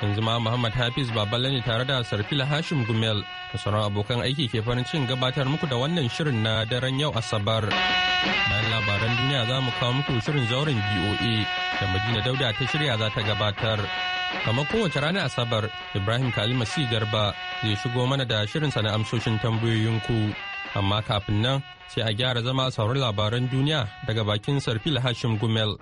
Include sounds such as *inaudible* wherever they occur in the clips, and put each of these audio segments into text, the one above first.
yanzu ma Muhammad Hafiz Baballe ne tare da Sarfila Hashim Gumel da sauran abokan aiki ke farin cikin gabatar muku da wannan shirin na daren yau Asabar. Bayan labaran duniya za mu kawo muku shirin zauren BOA da Madina Dauda ta shirya za ta gabatar. Kamar kowace rana Asabar, Ibrahim Kalima si Garba zai shigo mana da shirin sa na amsoshin tambayoyinku. Amma kafin nan sai a gyara zama sauran labaran duniya daga bakin Sarfila Hashim Gumel.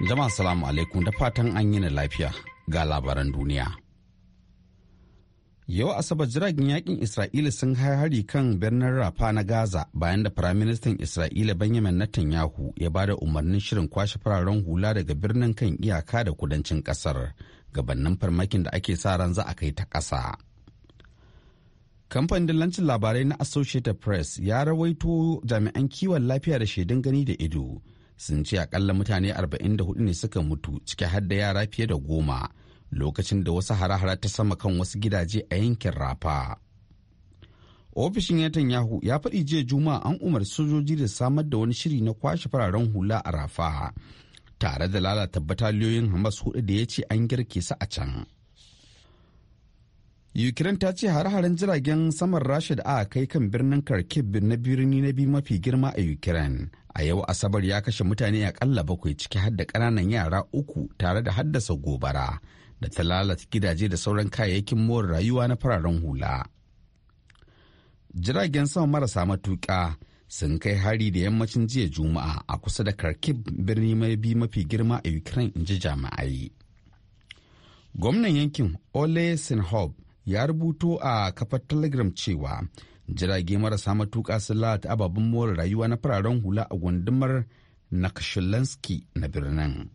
Jama'a salamu alaikum da fatan an yi na lafiya ga labaran duniya. Yau Asabar jiragen yakin Isra'ila sun hari kan birnin Rafa na Gaza bayan da Firaministan Isra'ila Benjamin Netanyahu ya bada umarnin shirin kwashe fararen hula daga birnin kan iyaka da kudancin kasar gabannin farmakin da ake sa ran za a kai ta ƙasa. Kamfanin dillancin labarai na Associated Press ya rawaito jami'an kiwon lafiya da shaidun gani da ido. sun ce akalla mutane 44 ne suka mutu ciki har da yara fiye da goma lokacin da wasu hare-hare ta sama kan wasu gidaje a yankin rafa ofishin yahu ya faɗi jiya juma'a an umar sojoji da samar da wani shiri na kwashe fararen hula a rafa tare da lalata bataliyoyin hamas hudu da ya ce an girke su a can Ukraine ta ce har-haren jiragen saman Rasha da aka kai kan birnin Kharkiv na birni na biyu mafi girma a Ukraine a yau asabar ya kashe mutane akalla bakwai ciki har da ƙananan yara uku tare da haddasa gobara da ta lalata gidaje da sauran kayayyakin more rayuwa na fararen hula jiragen sama marasa matuƙa sun kai hari da yammacin jiya juma'a a kusa da kharkiv birni mai bi mafi girma a ukraine in ji jami'ai gwamnan yankin ole sinhob ya rubuto a kafar telegram cewa jirage marasa matuƙa sun lalata ababen more rayuwa na fararen hula a gundumar nakashilanski na birnin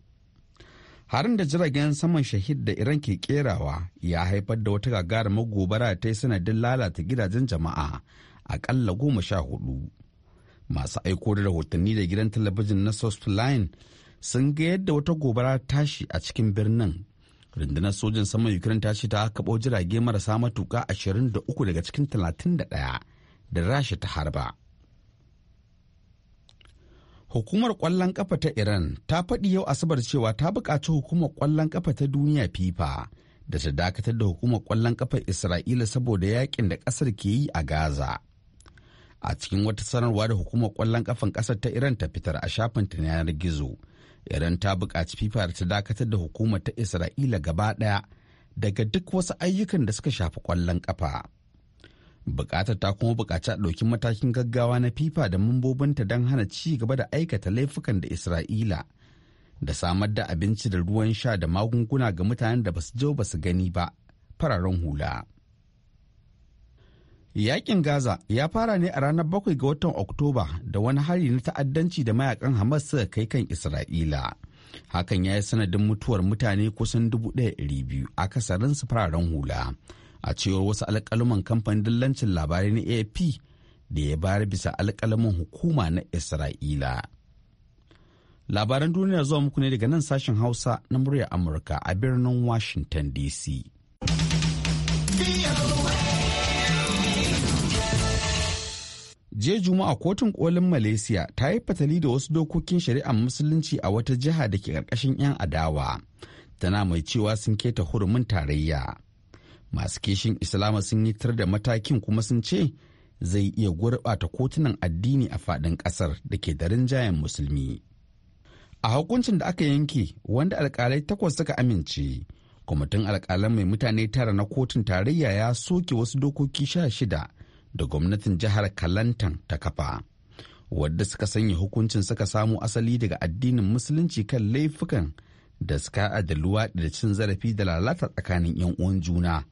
harin da jiragen saman shahid da iran ke kerawa ya haifar da wata gagarumar gobara ta yi sanadin lalata gidajen jama'a akalla goma sha hudu masu aiko da rahotanni da gidan talabijin na south line sun ga yadda wata gobara tashi a cikin birnin rundunar sojin saman ukraine ta ce ta kaɓo jirage marasa matuka 23 daga cikin 31 da rasha ta harba hukumar kwallon kafa ta iran ta faɗi yau asabar cewa ta buƙaci hukumar kwallon kafa ta duniya fifa da ta dakatar da hukumar kwallon kafa isra'ila saboda yakin da ƙasar ke yi a gaza a cikin wata sanarwa da hukumar kwallon kafan ƙasar ta iran ta fitar a shafinta na yanar gizo iran ta buƙaci fifa da ta dakatar da hukumar ta isra'ila gaba ɗaya daga duk wasu ayyukan da suka shafi ƙwallon ƙafa bukatar ta kuma buƙaci a ɗauki matakin gaggawa na fifa da mambobinta don hana ci gaba da aikata laifukan da isra'ila da samar da abinci da ruwan sha da magunguna ga mutanen da basu je basu gani ba fararen hula. Yakin Gaza ya fara ne a ranar bakwai ga watan Oktoba da wani hari na ta'addanci da mayakan Hamas suka kai kan Isra'ila. Hakan ya yi sanadin mutuwar mutane kusan 1,200 kasarin su fararen hula. A cewar wasu alƙaluman kamfanin dillancin labarai na ap da ya bayar bisa alƙalamin hukuma na Isra'ila. Labaran duniya zuwa muku ne daga nan sashen Hausa na muryar Amurka a birnin Washington DC. jiya juma'a kotun kolin malaysia ta yi fatali da wasu dokokin shari'ar musulunci a wata jiha da ke karkashin 'yan adawa tana mai cewa sun keta hurumin tarayya masu kishin islama sun yi tar da matakin kuma sun ce zai iya gurɓata kotunan addini a faɗin ƙasar da ke da rinjayen musulmi a hukuncin da aka yanke wanda alkalai takwas suka amince kwamitin alkalan mai mutane tara na kotun tarayya ya soke wasu dokoki sha shida da gwamnatin jihar Kalantan ta kafa. Wadda suka sanya hukuncin suka samu asali daga addinin musulunci kan laifukan da suka da luwaɗi da cin zarafi da lalata tsakanin 'yan uwan juna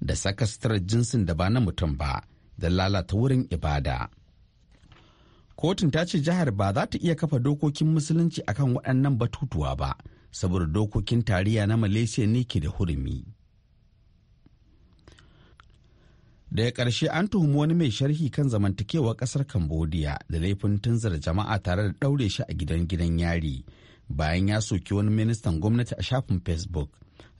da saka sitarar jinsin da ba na mutum ba da lalata wurin ibada. Kotun ta ce jihar ba za ta iya kafa dokokin musulunci akan waɗannan batutuwa ba, saboda dokokin tariya na Malaysia ne ke da hurumi. daga ƙarshe an tuhumi wani mai sharhi kan zamantakewar ƙasar cambodia da laifin tunzar jama'a tare da ɗaure shi a gidan gidan yari bayan ya soki wani ministan gwamnati a shafin facebook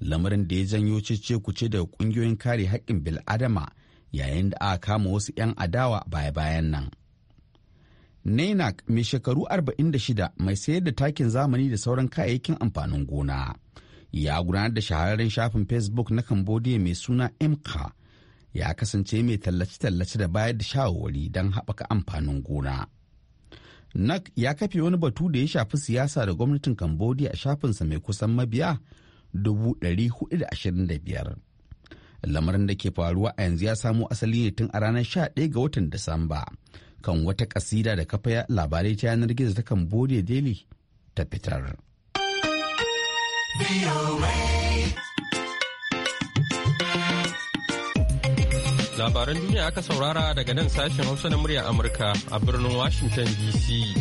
lamarin da ya janyo cece kuce daga ƙungiyoyin kare haƙƙin bil'adama yayin da aka kama wasu 'yan adawa baya-bayan nan nainak mai shekaru 46 mai sayar da takin zamani da sauran kayayyakin amfanin gona ya gudanar da shahararren shafin facebook na cambodia mai suna imka ya kasance mai tallace-tallace da bayar da shawarwari don haɓaka amfanin gona. Nak ya kafe wani batu da ya shafi siyasa da gwamnatin Cambodia a shafinsa mai kusan mabiya 425. Lamarin da ke faruwa a yanzu ya samo asali ne tun a ranar 11 ga watan Disamba kan wata kasida da kafa labarai ta yanar gizo ta Cambodia Daily ta fitar. Labaran duniya aka saurara daga nan sashen Hausa na murya Amurka a birnin Washington DC.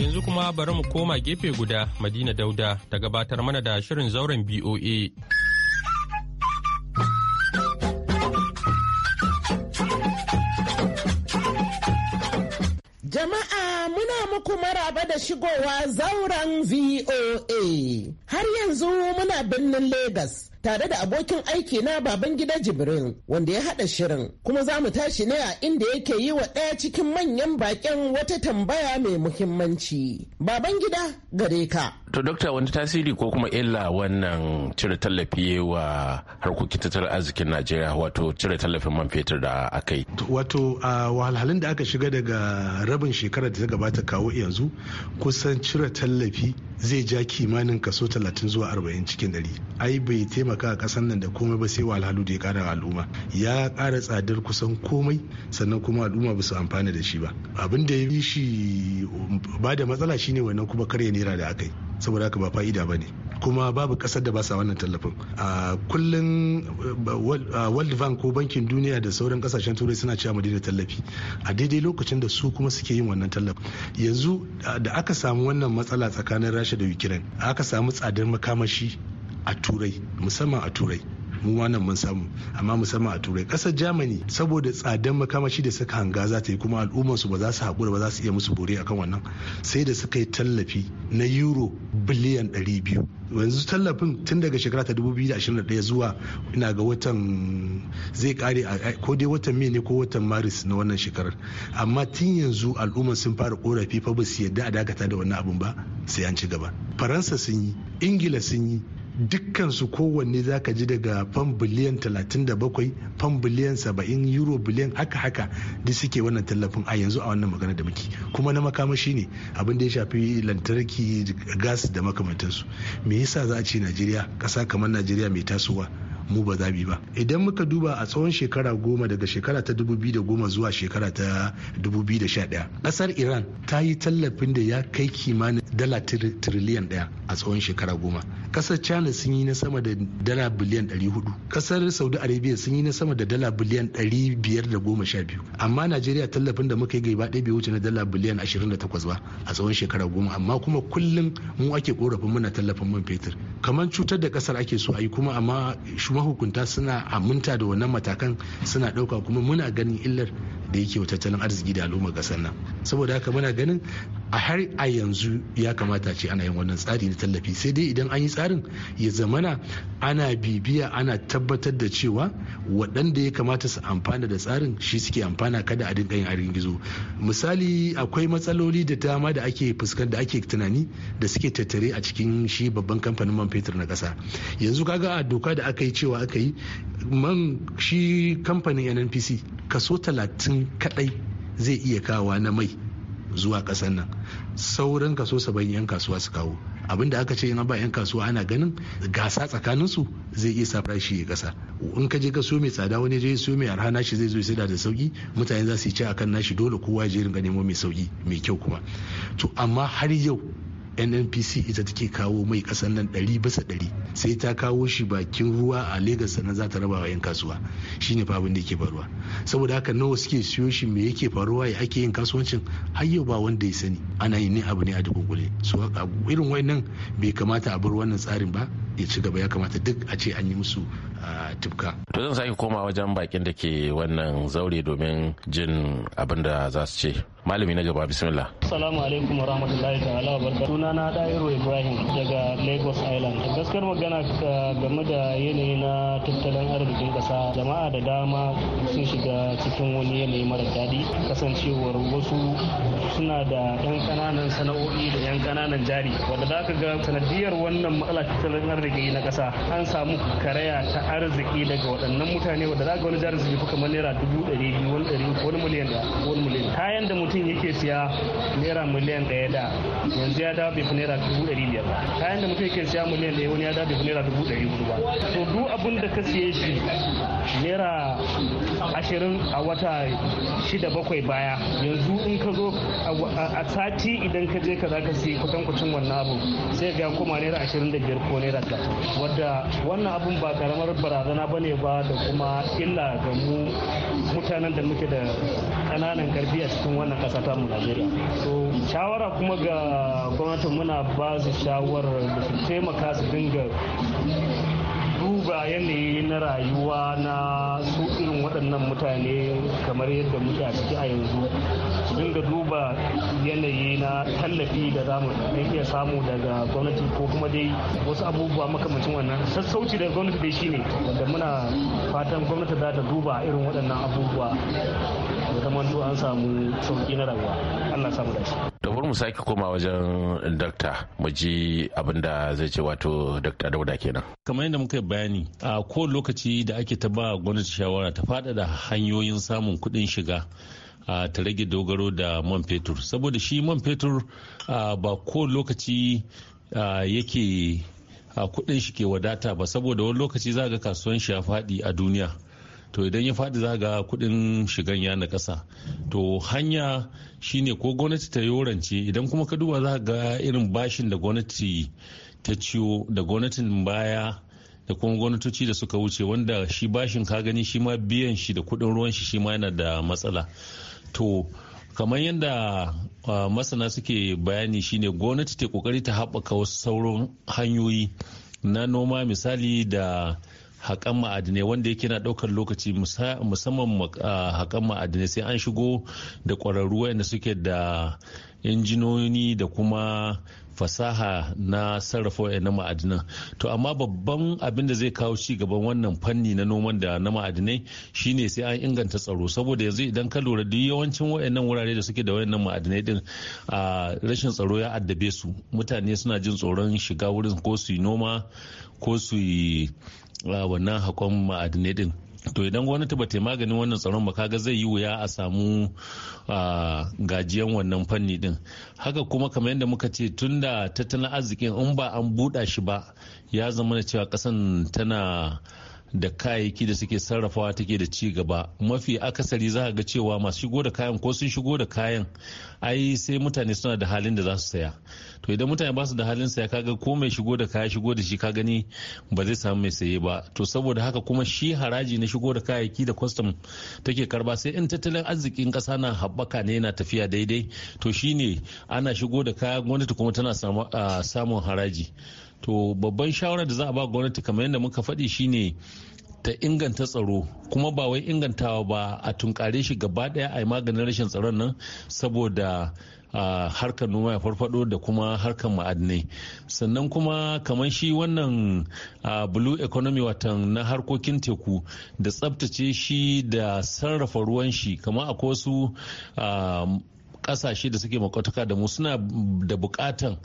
Yanzu kuma bari mu koma gefe guda Madina Dauda ta gabatar mana da shirin zauren BOA. Jama'a muna muku maraba da shigowa zauren VOA. Har yanzu muna birnin Legas tare da abokin aiki na baban gida Jibrin wanda ya haɗa shirin kuma za mu tashi ne a inda yake yi wa ɗaya cikin manyan baƙin wata tambaya mai muhimmanci. Baban gida gare ka. To dokta wani tasiri ko kuma illa wannan cire tallafi wa harkokin tattalin arzikin Najeriya wato cire tallafin man fetur da aka yi. Wato a wahalhalun da aka shiga daga rabin shekarar da ta gabata kawo yanzu kusan cire tallafi zai ja kimanin kaso 30 zuwa 40 cikin dari. Ai bai taimaka a kasan nan da komai ba sai wahalhalu da ya kara al'umma. Ya kara tsadar kusan komai sannan kuma al'umma ba su amfana da shi ba. Abin da ya yi shi ba da matsala shine wannan kuma karya naira da aka yi. saboda haka ba fa'ida ba ne kuma babu kasar da ba sa wannan tallafin a kullun world bank ko bankin duniya da sauran kasashen turai suna cewa mu daina tallafi a daidai lokacin da su kuma suke yin wannan tallafin yanzu da aka samu wannan matsala tsakanin rasha da ukraine aka samu tsadar makamashi a turai musamman a turai mu ma nan mun samu amma musamman a turai kasar germany saboda tsadan makamashi da suka hanga za ta yi kuma al'ummarsu ba za su haƙura ba za su iya musu bore akan wannan sai da suka yi tallafi na euro biliyan 200 yanzu tallafin tun daga shekara ta 2021 zuwa ina ga watan zai kare ko dai watan mai ne ko watan maris na wannan shekarar amma tun yanzu al'ummar sun fara korafi fa ba su yadda a dakata da wannan abun ba sai an ci gaba faransa sun yi ingila sun yi dukkansu kowanne za ka ji daga fan biliyan 37 fan biliyan 70 euro biliyan haka haka da suke wannan tallafin a yanzu a wannan magana da muke kuma na makamashi ne abin da ya shafi lantarki gas da makamantansu me yasa za a ce najeriya kasa kamar najeriya mai tasowa mu ba za ba idan muka duba a tsawon shekara goma daga shekara ta 2010 zuwa shekara ta 2011 kasar iran ta yi tallafin da ya kai kimanin dala triliyan daya a tsawon shekara goma kasar china sun yi na sama da dala biliyan 400 kasar saudi arabia sun yi na sama da dala biliyan 512 amma najeriya tallafin da muka yi gaba ɗaya bai wuce na dala biliyan 28 ba a tsawon shekara goma amma kuma kullum mu ake korafin muna tallafin man fetur kamar cutar da kasar ake so a yi kuma amma mahukunta suna aminta da wannan matakan suna ɗauka kuma muna ganin illar da yake tattalin arziki da al'umma kasar nan saboda haka muna ganin a har a yanzu ya kamata ce ana yin wannan tsari na tallafi sai dai idan an yi tsarin ya zamana ana bibiya ana tabbatar da cewa waɗanda ya kamata su amfana da tsarin shi suke amfana kada a dinga yin arin gizo misali akwai matsaloli da dama da ake fuskanta da ake tunani da suke tattare a cikin shi babban kamfanin man fetur na ƙasa yanzu kaga a doka da aka yi cewa aka yi man shi kamfanin nnpc kaso 30 kadai zai iya kawa na mai zuwa ƙasar nan sauran kaso 70 'yan kasuwa su kawo abinda aka ce yana ba 'yan kasuwa ana ganin gasa tsakanin su zai iya sa farashi ya kasa in ka je ka mai tsada wani je so mai arha nashi zai zo sai da sauki mutane za su yi ci akan nashi dole kowa je ringa nemo mai sauki mai kyau kuma to amma har yau nnpc ita take kawo mai kasan nan ɗari bisa ɗari sai ta kawo shi bakin ruwa a lagos sannan za ta raba 'yan kasuwa shine fa abin da yake faruwa saboda haka nawa suke siyo shi me yake faruwa ya ake yin kasuwancin har yau ba wanda ya sani ana yin ne abu ne a dukunkule su haka irin wannan bai kamata a bar wannan tsarin ba ya ci gaba ya kamata duk a ce an yi musu tufka. To zan sake koma wajen bakin da ke wannan zaure domin jin abin da za su ce. Malami na gaba bismillah. Assalamu alaikum warahmatullahi ta'ala wa barka. na Dairo Ibrahim daga Lagos Island. Gaskiyar magana game da yanayi na tattalin arzikin kasa jama'a da dama sun shiga cikin wani yanayi mara daɗi kasancewar wasu suna da 'yan ƙananan sana'o'i da 'yan kananan jari wanda za ka ga sanadiyar wannan matsalar tattalin arziki arziki na ƙasa an samu karaya ta arziki daga waɗannan mutane wanda za ga wani jarin su kuka kamar naira dubu ɗari biyu wani ɗari wani miliyan da wani miliyan kayan da mutum yake siya naira miliyan ɗaya da yanzu ya dawo bai fi naira dubu ɗari biyar ba kayan da mutum yake siya miliyan ɗaya wani ya dawo bai fi naira dubu ɗari hudu ba to duk abin da ka siye shi naira ashirin a wata shida bakwai baya yanzu in ka zo a sati idan ka je ka za ka siya kucin wannan abu sai ga kuma naira ashirin da biyar ko naira ta wadda wannan abun ba karamar barazana ba ne ba da kuma illa ga mu mutanen da muke da kananan karfi a cikin wannan kasa ta mu najeriya so shawara kuma ga gwamnatin muna ba su shawarar da su taimaka su dinga duba yanayi na rayuwa na su irin waɗannan mutane kamar yadda muke a ciki a yanzu su dinga duba yanayi na tallafi da za mu iya samu daga gwamnati ko kuma dai wasu abubuwa makamancin wannan sassauci da gwamnati dai shine da muna fatan gwamnati za ta duba irin waɗannan abubuwa da zamanto an samu sauƙi na rayuwa allah samu dace to mu sake koma wajen dakta mu ji abin da zai ce wato dakta dauda kenan kamar yadda muka bayani a ko lokaci da ake ta ba gwamnati shawara ta faɗaɗa hanyoyin samun kuɗin shiga a ta rage dogaro da man fetur saboda shi man fetur ba ko lokaci yake kudin shi ke wadata ba saboda wani lokaci za ga kasuwan shi ya faɗi a duniya to idan ya faɗi za ga kuɗin shigan ya na ƙasa to hanya shine ko gwamnati ta yorance idan kuma ka duba za ga irin bashin da gwamnati ta ciyo da gwamnatin baya da kuma gwamnatoci da suka wuce wanda shi bashin ka gani shi ma biyan shi da kuɗin ruwan shi shi ma yana da matsala to kamar yadda masana suke bayani shine gwamnati ta kokari ta haɓaka wasu sauran hanyoyi na noma misali da haƙan ma'adinai wanda yake na ɗaukar lokaci musamman haƙan ma'adinai sai an shigo da ƙwararru wayanda suke da injinoni da kuma fasaha na sarrafa na ma'adinan to amma babban abin da zai kawo ci gaban wannan fanni na noman da na ma'adinai shine sai an inganta tsaro saboda yanzu idan ka lura duk yawancin wayannan wurare da suke da wayannan ma'adinai din a rashin tsaro ya addabe su mutane suna jin tsoron shiga wurin ko su yi noma ko su yi wannan hakon ma'adinai din to idan gwamnati ba ta maganin wannan tsaron ba kaga zai yi wuya a samu gajiyan wannan fanni din haka kuma kamar yadda muka ce tun da tattalin arzikin in ba an buɗa shi ba ya zama da cewa ƙasan tana da kayayyaki da suke sarrafawa take da ci gaba mafi akasari za ga cewa masu shigo da kayan ko sun shigo da kayan ai sai mutane suna da halin da za su saya to idan mutane ba su da halin saya kaga ko mai shigo da kaya shigo da shi ka gani ba zai samu mai saye ba to saboda haka kuma shi haraji na shigo da kayayyaki da kwastam take karba sai in tattalin arzikin kasa na haɓaka ne yana tafiya daidai to shine ana shigo da kaya gwamnati kuma tana ah, samun haraji to babban shawarar da za a ba gwamnati kamar yadda muka faɗi shine ta inganta tsaro kuma ba wai ingantawa ba a tunkare shi gaba daya a yi maganin rashin tsaron nan saboda harkar noma ya farfado da kuma harkar ma'adinai sannan kuma kamar shi wannan blue economy watan na harkokin teku da tsabtace shi da sarrafa ruwan shi kamar a wasu kasashe da suke makwataka da mu suna da bukatan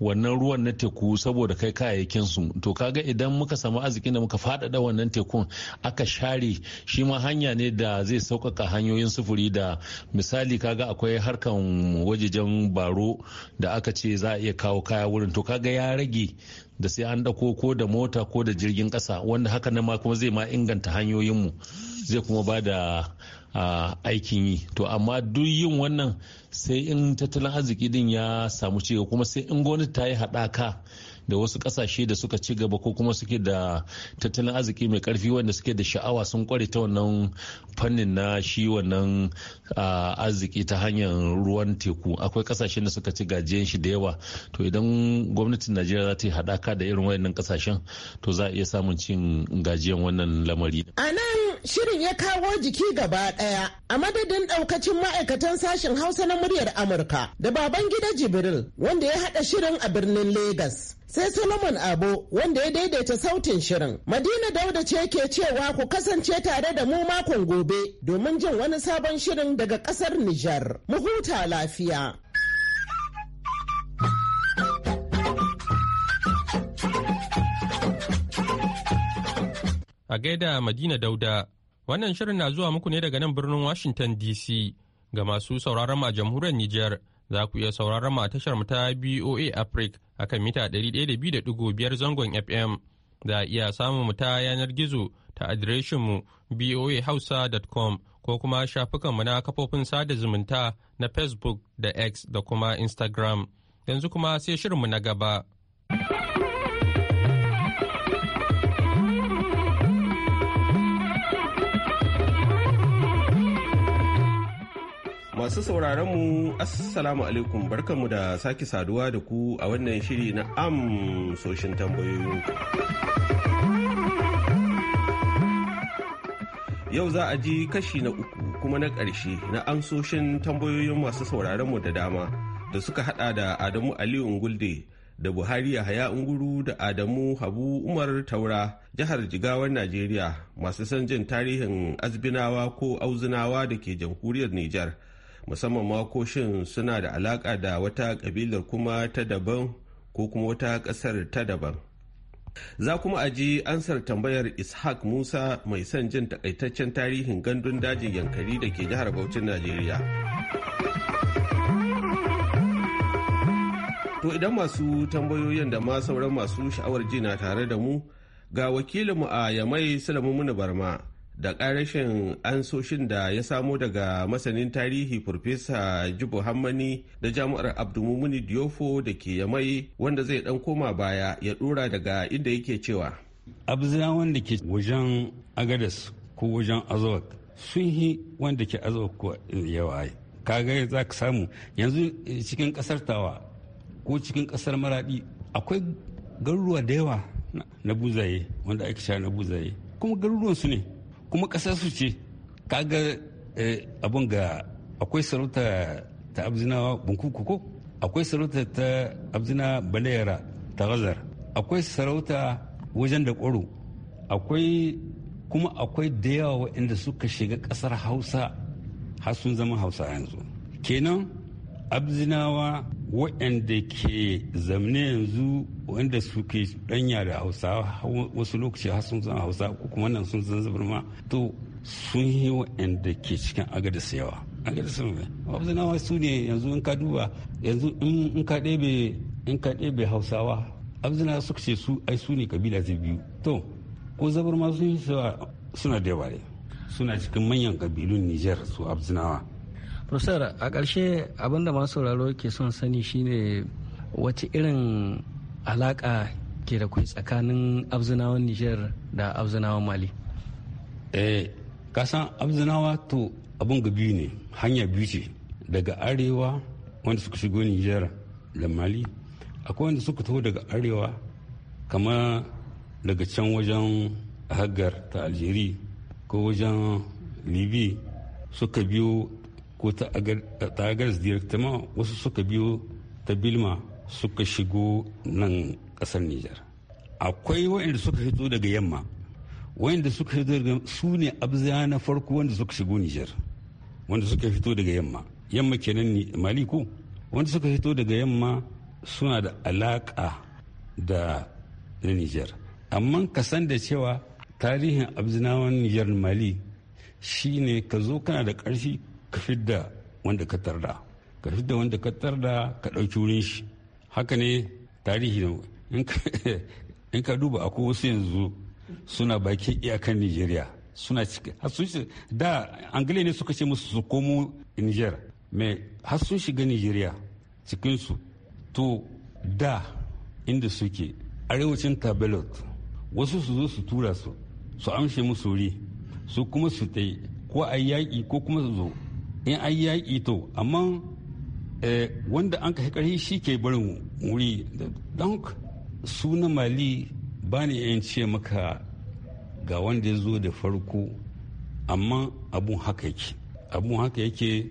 wannan ruwan na teku saboda kai kayayyakin su to kaga idan muka samu arzikin da muka faɗaɗa wannan tekun aka share shi ma hanya ne da zai sauƙaƙa hanyoyin sufuri da misali kaga akwai harkan wajejen baro da aka ce za a iya kawo kaya wurin to kaga ya rage da sai an ɗauko ko da mota ko da jirgin ƙasa wanda haka nan ma kuma zai ma inganta hanyoyinmu zai kuma ba da aikin yi to amma duk yin wannan sai in tattalin arziki din ya samu ciga kuma sai in gwamnati ta yi haɗaka da wasu kasashe da suka ci gaba ko kuma suke da tattalin arziki mai karfi wanda suke da sha'awa sun kware ta wannan fannin na shi wannan arziki ta hanyar ruwan teku akwai kasashen da suka ci gajiyan shi da yawa to idan gwamnatin najeriya za ta yi haɗaka da irin wayannan kasashen to za a iya samun cin gajiyan wannan lamari a nan shirin ya kawo jiki gaba ɗaya a madadin ɗaukacin ma'aikatan sashen hausa na muryar amurka da baban gida jibril wanda ya haɗa shirin a birnin Legas. sai Solomon Abo wanda ya daidaita sautin shirin. Madina Dauda ce ke cewa ku kasance tare da mu makon gobe domin jin wani sabon shirin daga kasar Nijar. Mu huta lafiya. A gaida Madina Dauda, wannan shirin na zuwa muku ne daga nan birnin Washington DC ga masu sauraron a jamhuriyar Nijar. za ku iya sauraron mu a tashar mu ta BOA Africa akan mita 102.5 zangon FM. Za a iya samun mu ta yanar gizo ta adireshin mu boahausa.com ko kuma shafukan mu na kafofin sada zumunta na Facebook da X da kuma Instagram. Yanzu kuma sai shirinmu na gaba. Masu sauraron mu Assalamu alaikum barkanmu da sake saduwa da ku a wannan shiri na amsoshin tambayoyi Yau za a ji kashi na uku kuma na ƙarshe na amsoshin tambayoyin masu sauraron mu da dama da suka hada da Adamu Aliyu Ngulde da Buhari haya Unguru da Adamu Habu Umar Taura jihar Jigawar Najeriya masu son jin tarihin Azbinawa ko auzinawa da ke jamhuriyar Nijar musamman ma suna da alaka da wata kabilar kuma ta daban ko kuma wata kasar ta daban za kuma a ji ansar tambayar ishak musa mai son jin takaitaccen tarihin gandun dajin yankari da ke jihar bauchin najeriya to idan masu tambayoyin da ma sauran masu sha'awar ji na tare da mu ga wakilinmu a yamai muna barma da ƙarashin ansoshin da ya samo daga masanin tarihi Farfesa Jibo Hammani da jami'ar Abdulmumuni Diofo da ke Yamai wanda zai ɗan koma baya ya ɗora daga inda yake cewa. Abzina wanda ke wajen Agadas ko wajen Azawak sun yi wanda ke Azawak ko yawa kaga za ka samu yanzu cikin ƙasar Tawa ko cikin ƙasar Maraɗi akwai garuruwa da yawa na buzaye wanda ake sha na buzaye kuma garuruwan su ne kuma ƙasar su ce kaga eh, abin ga akwai sarauta ta abzina bunkuku ko akwai sarauta ta abzina balayara ta gazar akwai sarauta wajen da ƙwaro akwai kuma akwai da yawa waɗanda suka shiga ƙasar hausa har sun zama hausa yanzu kenan abzinawa waɗanda ke zamne yanzu wanda suke ɗanya da hausawa wasu lokaci har sun zama hausa ko kuma nan sun zan zabarma to sun yi waɗanda ke cikin agadis yawa agadis hausawa su ne yanzu in ka duba yanzu in ka ɗebe in ka ɗebe hausawa abzina suka ce su ai su ne kabila zai biyu to ko ma sun yi suna da yawa suna cikin manyan kabilun nijar su abzinawa Professor a ƙarshe abinda masu sauraro ke son sani shine wace irin alaƙa ke da kai tsakanin abzinawan Nijar da abzinawan Mali. Eh, kasan abzinawa to abin ga ne hanya biyu ce daga arewa wanda suka shigo Nijar da Mali akwai wanda suka taho daga arewa kama daga can wajen haggar ta Algeria ko wajen Libya suka biyo ko ta agaris directement wasu suka biyo ta bilma suka shigo nan kasar nijar akwai waɗanda suka hito daga yamma waɗanda suka hito daga su ne abuzaya na farko wanda suka shigo nijar wanda suka fito daga yamma yamma kenan mali ko wanda suka fito daga yamma suna da alaƙa da na nijar amma ka san da cewa tarihin abuzinawan nijar mali shine ka zo kana da ƙarfi ka fidda wanda ka tarda ka fidda wanda ka tarda ka ɗauki wurin shi haka ne tarihi *laughs* in ka duba akwai wasu yanzu suna bakin iyakan nigeria suna cikin da angile ne suka ce musu su komo niger mai har sun shiga nigeria cikinsu to da inda suke arewacin tabelot wasu su zo su tura su su amshe musu wuri su kuma su tai ko a yaƙi ko kuma su zo in an yaƙi to amma eh, wanda an ka ƙarfi shi ke barin wuri don su na mali ba ni yan ce maka ga wanda ya zo da farko amma abun haka yake abun haka yake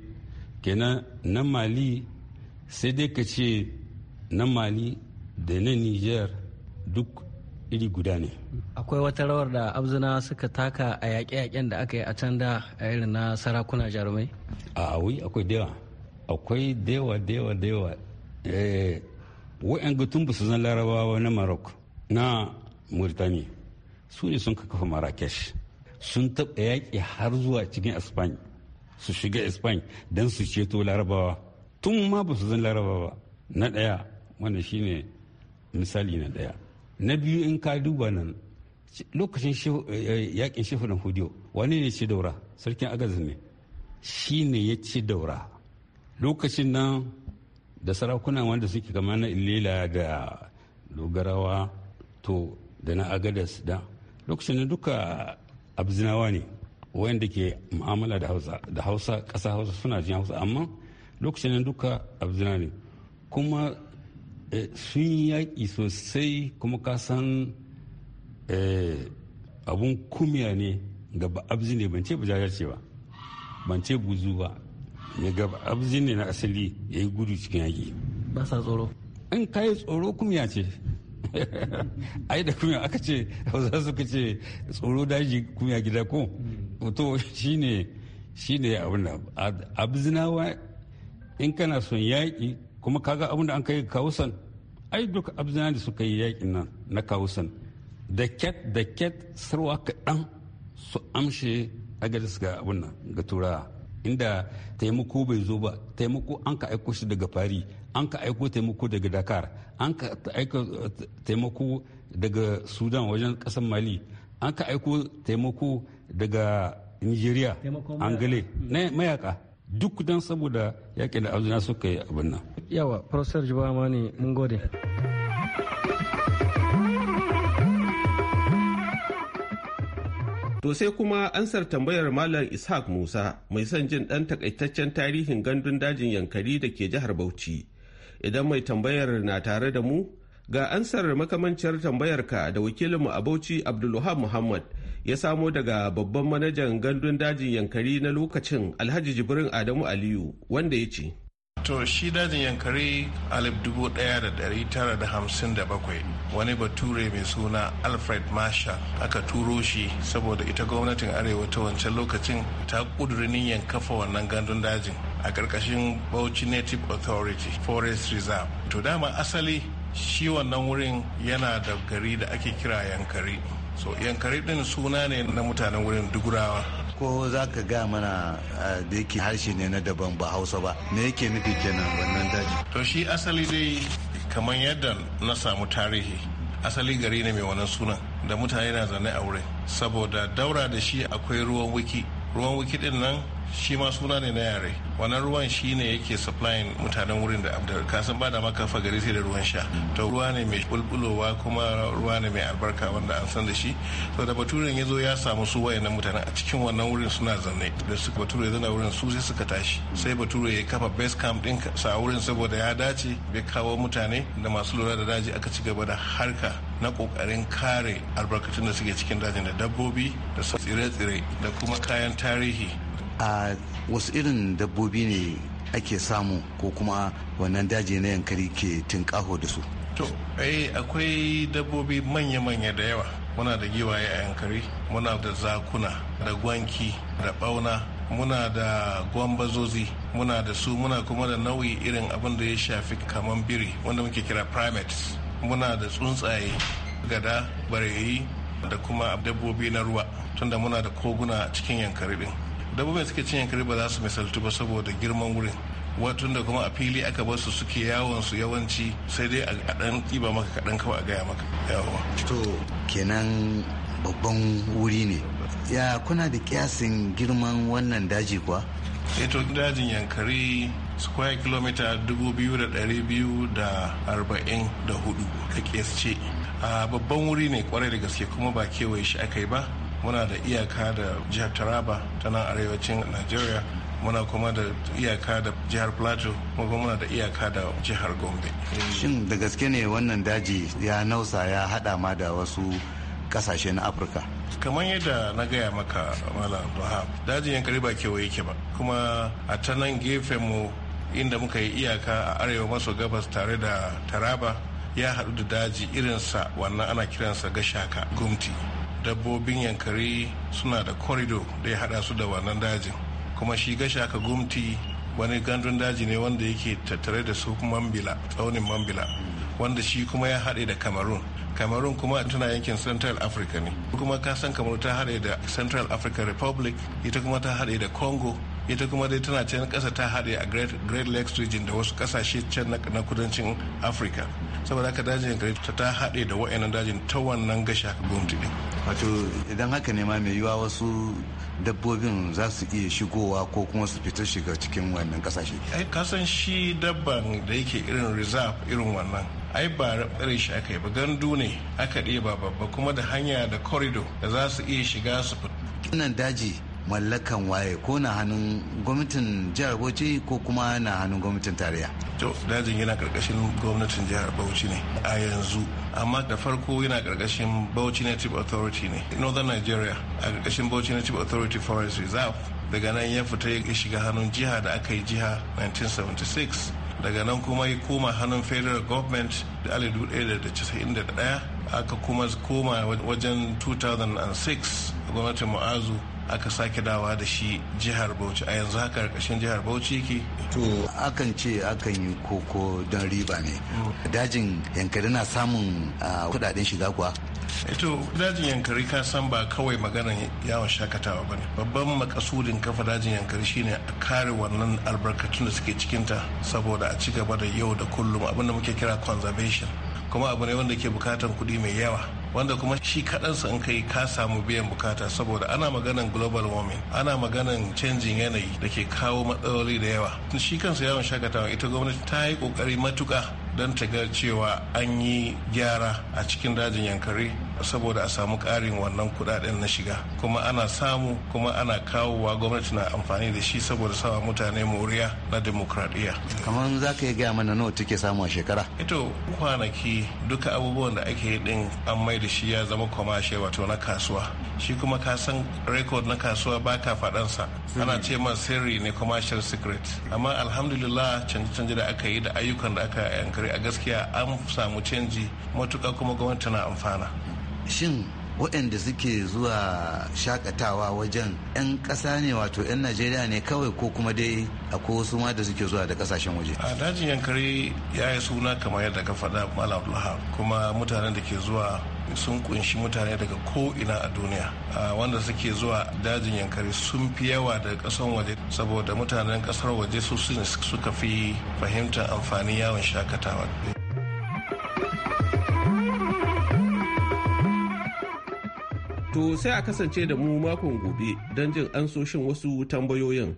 kenan na mali sai dai ka ce na mali da na niger duk iri guda ne akwai wata rawar da abzina suka taka a yaƙe-yaƙen da aka yi a can da a irin na sarakuna jarumai a wai akwai dewa akwai dewa dewa dewa eh, wa'yan gutun ba su zan larabawa na marok na murtani su ne sun kafa marrakesh sun taɓa yaƙi har zuwa cikin espany su shiga espany don su ceto larabawa tun ma ba su zan larabawa na ɗaya wanda shine misali na ɗaya na biyu in ka duba nan lokacin eh, eh, yakin shehu na hudiyo wani ne ci daura sarkin agazin ne shi ne ya ci daura lokacin nan da sarakuna wanda suke kama na ilila da dogarawa to da na agadas da lokacin nan duka abzinawa ne wayanda ke mu'amala da hausa da hausa ƙasa hausa suna jin hausa amma lokacin nan duka abzina ne kuma Eh, sun yaƙi sosai kuma ka san eh, abun kumiya ne ga abzi ne ban ce ba ce ba ban ce buzu ba ne ga abzi ne na asali ya yi gudu cikin yaƙi ba sa tsoro in ka yi tsoro kumiya ce *laughs* ai da kumiya aka ce hausa suka ce tsoro daji kumiya gida ko hmm. to shine ne abin da abzinawa in kana son yaƙi kuma kaga abin da an kai kawusan ai duk abzina da suka yi yakin nan na kawusan da ket da ket sarwa kaɗan su amshe agadis ga abin nan ga turawa inda taimako bai zo ba taimako an ka aiko shi daga fari an ka aiko taimako daga dakar an ka aiko taimako daga sudan wajen ƙasar mali an ka aiko taimako daga nigeria angale na mayaka duk dan saboda yaƙi da arzuna suka yi abin nan. Yawa, Profesor Jibama ne, mun gode. To sai kuma ansar tambayar Malam Ishaq Musa mai son jin ɗan takaitaccen tarihin gandun dajin yankari da ke jihar Bauchi. Idan mai tambayar na tare da mu ga ansar makamancin tambayarka da wakilinmu a bauchi abdulluhab muhammad ya samo daga babban manajan gandun dajin yankari na lokacin alhaji jibrin adamu aliyu wanda ya ce to shi dajin yankari alif dubu daya da dari tara da hamsin da bakwai wani bature mai suna alfred marshall aka turo shi saboda ita gwamnatin arewa ta wancan lokacin ta kudurinin yankafa wannan gandun dajin a ƙarƙashin bauchi native authority forest reserve to dama asali shi wannan wurin yana da gari da ake kira yankari so yankari din suna ne na mutanen wurin dugurawa ko za ka ga mana eh, da yake harshe ne na daban ba hausa ba me yake nufi kenan wannan daji to shi asali dai kamar yadda na samu tarihi asali gari ne mai wannan sunan da mutane na zane a wurin saboda daura da shi akwai ruwan wiki ruwan wiki din nan shi ma suna ne na yare wannan ruwan shi ne yake supplying mutanen wurin da abdar kasan ba da maka gari sai da ruwan sha to ruwa ne mai bulbulowa kuma ruwa ne mai albarka wanda an san da shi to da baturen ya zo ya samu su wayannan mutanen a cikin wannan wurin suna zanne da suka ya zana wurin su sai suka tashi sai bature ya kafa base camp din sa wurin saboda ya dace bai kawo mutane da masu lura da daji aka ci gaba da harka na kokarin kare albarkatun da suke cikin dajin da dabbobi da tsire-tsire da kuma kayan tarihi a wasu irin dabbobi ne ake samu ko kuma wannan daji na yankari ke tinkaho da su to eh akwai dabbobi manya-manya da yawa muna da giwaye a yankari muna da zakuna da gwanki da bauna muna da gwambazozi muna da su muna kuma da nau'i irin abin da ya shafi kaman biri wanda muke kira primates muna da tsuntsaye gada barayi da kuma dabbobi na ruwa tunda muna da koguna cikin yankari din dabbobin suke cin yankari ba za su misaltu ba saboda girman wurin watun da kuma a fili aka bar su suke yawon su yawanci sai dai a dan kiba maka kaɗan kawai a gaya maka yawa to kenan babban wuri ne ya kuna da kiyasin girman wannan daji kuwa eto eh dajin yankari square kilomita 2,244 ka kesce a babban wuri ne kwarai da gaske kuma ba kewaye shi aka yi ba muna da iyaka da jihar taraba ta nan arewacin nigeria muna kuma da iyaka da jihar plateau kuma muna da iyaka da jihar gombe shin da gaske ne wannan daji ya nausa ya hada ma da wasu kasashe na afirka kamar yadda na gaya maka mala abdulhab dajin yankari ba kewaye yake ba kuma a ta nan gefen mu inda muka yi iyaka a arewa maso gabas tare da taraba ya haɗu da daji irinsa wannan ana kiransa gashaka gumti dabbobin yankari suna da korido da ya hada su da wannan dajin kuma shi gasha ka gumti wani gandun daji ne wanda yake tattare da su mambila tsaunin mambila wanda shi kuma ya haɗe da cameroon cameroon kuma tana yankin central africa ne kuma ka san kamar ta haɗe da central african republic ita kuma ta haɗe da congo ita kuma dai tana can kasa ta haɗe a great lakes region da wasu kasashe can na kudancin afirka saboda haka dajin gari ta haɗe da wa'annan dajin ta wannan gasha gomti ɗin wato idan haka ne ma mai yiwa wasu dabbobin za su iya shigowa ko kuma su fita shiga cikin wannan kasashe ai kasan shi dabban da yake irin reserve irin wannan ai ba rabare shi aka yi ba gandu ne aka ɗiba babba kuma da hanya da corridor da za su iya shiga su fita wannan daji mallakan waye ko na hannun gwamnatin jihar bauchi ko kuma na hannun gwamnatin tarayya to dajin yana karkashin gwamnatin jihar bauchi ne a yanzu amma da farko yana karkashin bauchi native authority ne northern nigeria a karkashin bauchi native authority forest reserve daga nan ya fita ya shiga hannun jiha da aka yi jiha 1976 daga nan kuma ya koma hannun federal government da 1991 aka kuma koma wajen 2006 gwamnatin mu'azu aka sake dawa da shi jihar bauchi a yanzu haka karkashin jihar bauchi yake to akan ce akan yi koko don riba ne mm. dajin yankari na samun ah, kudaden shiga kuwa ito eh dajin yankari ka san ba kawai maganar yawon shakatawa ba ne babban makasudin kafa dajin yankari shine a kare wannan albarkatun da suke cikinta saboda a ci gaba da yau da kullum abinda muke kira conservation kuma abu ne wanda ke bukatan kuɗi mai yawa wanda kuma shi kaɗansa in kai ka samu biyan bukata saboda ana maganan global warming ana maganan canjin yanayi da ke kawo matsaloli da yawa shi kansa yawon shakatawa ita gwamnati ta yi ƙoƙari matuƙa don ta ga cewa an yi gyara a cikin dajin yankari saboda a samu ƙarin wannan kuɗaɗen na shiga kuma ana samu kuma ana kawowa gwamnati na amfani da shi saboda sawa mutane moriya na demokradiyya kamar za ka yi gaya mana nawa take samu a shekara ito kwanaki duka abubuwan da ake yi din an mai da shi ya zama kwamashe wato na kasuwa shi kuma ka san rekod na kasuwa baka faɗansa ana mm. ce man sirri ne commercial secret amma alhamdulillah canje-canje da aka yi da ayyukan da aka yankari a gaskiya an samu canji matuƙa kuma gwamnati na amfana shin waɗanda suke zuwa shakatawa wajen 'yan ƙasa ne wato 'yan najeriya ne kawai ko kuma dai akwai wasu ma da suke zuwa da ƙasashen waje a dajin yankari ya yi suna kamar yadda ka faɗa malam Laha kuma mutanen da ke zuwa sun kunshi mutane daga ko ina a duniya wanda suke zuwa dajin yankari sun fi yawa daga ƙasar waje saboda mutanen ƙasar waje su suka fi fahimtar amfanin yawon shakatawa To sai a kasance da mu makon gobe don jin ansoshin wasu tambayoyin.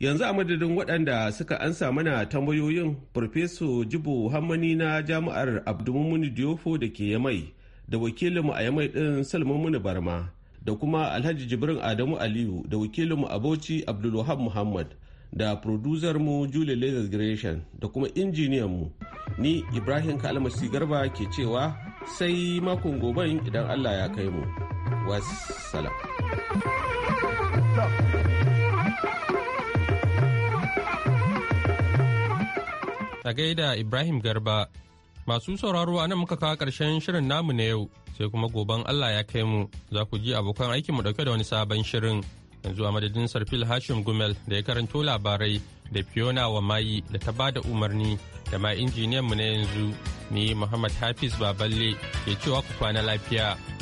Yanzu a madadin waɗanda suka ansa mana tambayoyin Farfeso Jibo Hammani na Jami'ar Abdulmumuni Diofo da ke Yamai da wakilinmu a Yamai ɗin Salmamuni Barma da kuma Alhaji Jibrin Adamu Aliyu da wakilinmu a Bauchi Abdulwahab Muhammad da mu Julie Leather da kuma injiniyanmu ni Ibrahim Kalmasi Garba ke cewa sai makon goben idan Allah ya kai mu. Wassalam. A gaida Ibrahim Garba, masu sauraro a nan muka kawo ƙarshen shirin namu na yau, sai kuma goben Allah ya kai mu, za ku ji abokan mu ɗauke da wani sabon shirin. yanzu a madadin sarfil hashim gumel da ya karanto labarai da fiona wa mayi da ta ba da umarni da ma injiniyanmu na yanzu ni muhammad hafiz baballe ke cewa ku kwana lafiya